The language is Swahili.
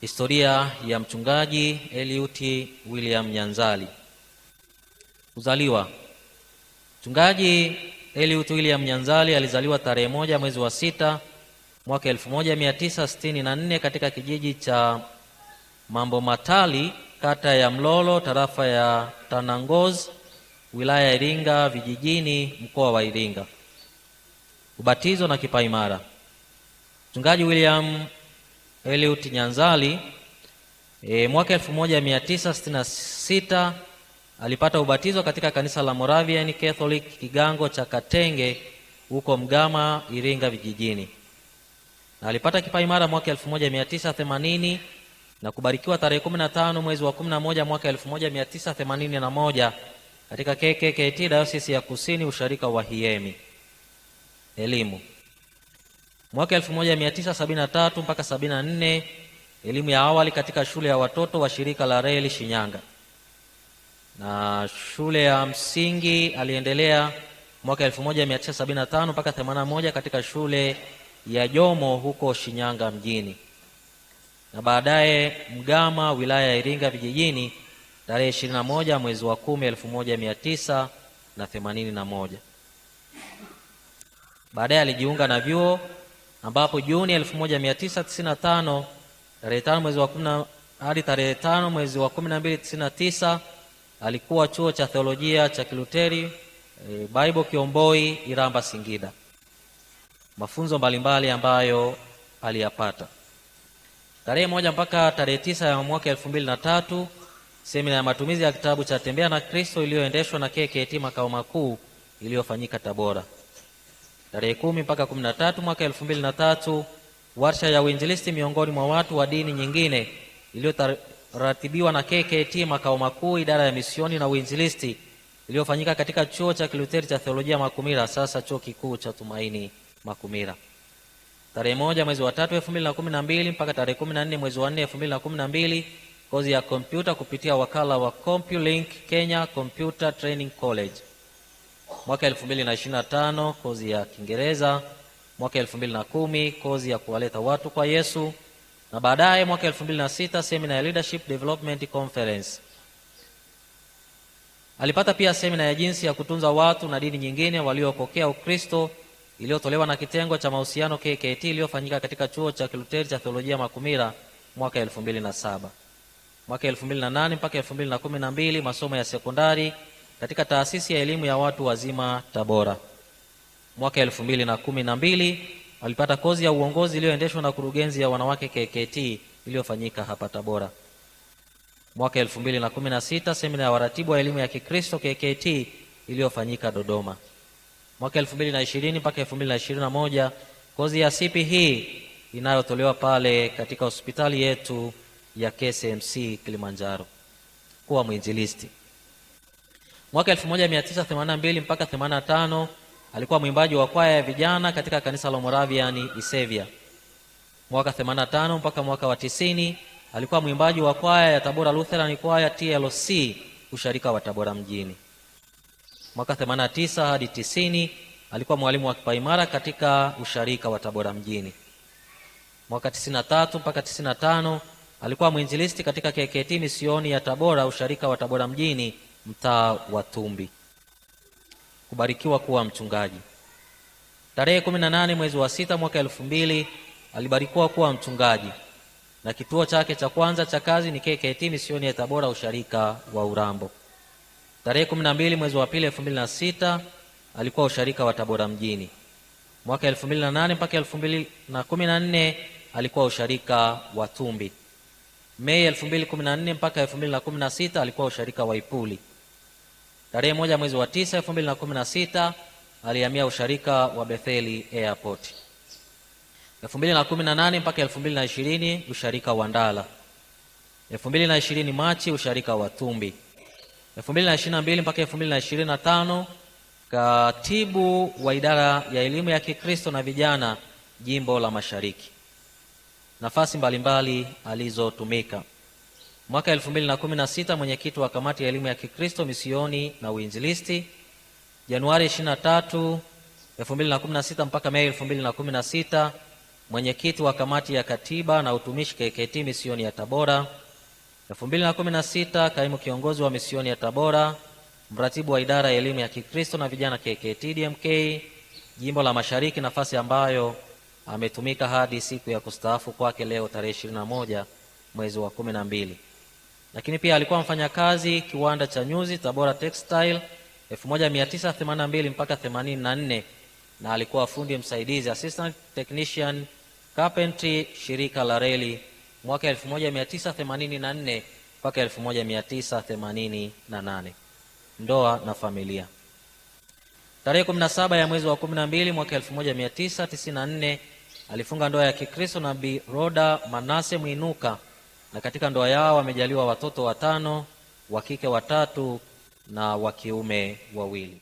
Historia ya mchungaji Eliuti William Nyanzali. Kuzaliwa. Mchungaji Eliuti William Nyanzali alizaliwa tarehe moja mwezi wa sita mwaka 1964 katika kijiji cha Mambo Matali kata ya Mlolo tarafa ya Tanangoz, wilaya ya Iringa vijijini mkoa wa Iringa. Ubatizo na kipaimara. Mchungaji William Eliud Nyanzali e, mwaka 1966 alipata ubatizo katika kanisa la Moravian Catholic kigango cha Katenge huko Mgama, Iringa vijijini, na alipata kipaimara mwaka 1980 na kubarikiwa tarehe 15 mwezi wa 11 mwaka 1981 katika KKKT Dayosisi ya Kusini, usharika wa Hiemi. Elimu Mwaka 1973 mpaka 74 elimu ya awali katika shule ya watoto wa shirika la reli Shinyanga, na shule ya msingi aliendelea mwaka 1975 mpaka 81 katika shule ya Jomo huko Shinyanga mjini, na baadaye Mgama wilaya ya Iringa vijijini tarehe 21 mwezi wa 10 1981. Baadaye alijiunga na vyuo ambapo Juni 1995 tarehe tano mwezi wa kumi hadi tarehe tano mwezi wa 1299 alikuwa chuo cha theolojia cha Kiluteri e, Bible Kiomboi Iramba Singida. Mafunzo mbalimbali ambayo aliyapata tarehe moja mpaka tarehe tisa ya mwaka elfu mbili na tatu semina ya matumizi ya kitabu cha Tembea na Kristo iliyoendeshwa na KKT makao makuu iliyofanyika Tabora tarehe kumi mpaka kumi na tatu mwaka elfu mbili na tatu warsha ya uinjilisti miongoni mwa watu wa dini nyingine iliyoratibiwa na KKT makao makuu idara ya misioni na uinjilisti iliyofanyika katika chuo cha Kiluteri cha Theolojia Makumira, sasa chuo kikuu cha Tumaini Makumira, tarehe moja mwezi wa tatu elfu mbili na kumi na mbili mpaka tarehe kumi na nne mwezi wa nne elfu mbili na kumi na mbili kozi ya kompyuta kupitia wakala wa CompuLink Kenya Computer Training College mwaka 2025 kozi ya Kiingereza, mwaka 2010 kozi ya kuwaleta watu kwa Yesu na baadaye mwaka 2006 semina ya Leadership Development Conference. Alipata pia semina ya jinsi ya kutunza watu na dini nyingine waliopokea Ukristo iliyotolewa na kitengo cha mahusiano KKT iliyofanyika katika chuo cha Kiluteri cha Theolojia Makumira mwaka 2007. Mwaka 2008 mpaka 2012 masomo ya sekondari katika taasisi ya elimu ya watu wazima Tabora. Mwaka elfu mbili na kumi na mbili alipata kozi ya uongozi iliyoendeshwa na kurugenzi ya wanawake KKT iliyofanyika hapa Tabora. Mwaka elfu mbili na kumi na sita semina ya waratibu wa elimu ya Kikristo KKT iliyofanyika Dodoma. Mwaka elfu mbili na ishirini mpaka elfu mbili na ishirini na moja kozi ya sipi hii inayotolewa pale katika hospitali yetu ya KCMC Kilimanjaro, kuwa mwinjilisti. Mwaka 1982 mpaka 85 alikuwa mwimbaji wa kwaya ya vijana katika kanisa la Moravian yaani Isevia. Mwaka 85 mpaka mwaka wa 90 alikuwa mwimbaji wa kwaya ya Tabora Lutheran kwaya TLC usharika wa Tabora mjini. Mwaka 89 hadi 90 alikuwa mwalimu wa kipaimara katika usharika wa Tabora mjini. Mwaka 93 mpaka 95 alikuwa mwinjilisti katika KKT misioni ya Tabora usharika wa Tabora mjini mtaa wa Tumbi, kubarikiwa kuwa mchungaji. Tarehe 18 mwezi wa sita mwaka elfu mbili alibarikiwa kuwa mchungaji na kituo chake cha kwanza cha kazi ni KKT misioni ya Tabora usharika wa Urambo. Tarehe 12 mwezi wa pili elfu mbili na sita alikuwa usharika wa Tabora mjini. Mwaka elfu mbili na nane mpaka elfu mbili na na kumi nne alikuwa usharika wa Tumbi. Mei 2014 mpaka 2016 alikuwa usharika wa Ipuli. Tarehe moja mwezi wa tisa elfu mbili na kumi na sita alihamia usharika wa Betheli Airport. elfu mbili na kumi na nane mpaka elfu mbili na ishirini usharika wa Ndala. elfu mbili na ishirini Machi usharika wa Tumbi. elfu mbili na ishirini na mbili mpaka elfu mbili na ishirini na tano katibu wa idara ya elimu ya Kikristo na vijana jimbo la Mashariki. Nafasi mbalimbali alizotumika Mwaka 2016 mwenyekiti wa kamati ya elimu ya Kikristo, misioni na uinjilisti. Januari 23, 2016 mpaka Mei 2016 mwenyekiti wa kamati ya katiba na utumishi KKT misioni ya Tabora. 2016 kaimu kiongozi wa misioni ya Tabora, mratibu wa idara ya elimu ya Kikristo na vijana KKT DMK jimbo la Mashariki, nafasi ambayo ametumika hadi siku ya kustaafu kwake leo tarehe 21 mwezi wa 12 lakini pia alikuwa mfanyakazi kiwanda cha nyuzi Tabora Textile 1982 mpaka 84 na alikuwa fundi msaidizi assistant technician carpentry shirika la reli mwaka 1984 mpaka 1988. Ndoa na familia. Tarehe 17 ya mwezi wa 12 mwaka 1994 alifunga ndoa ya Kikristo na Bi Roda Manase Mwinuka na katika ndoa yao wamejaliwa watoto watano, wa kike watatu na wa kiume wawili.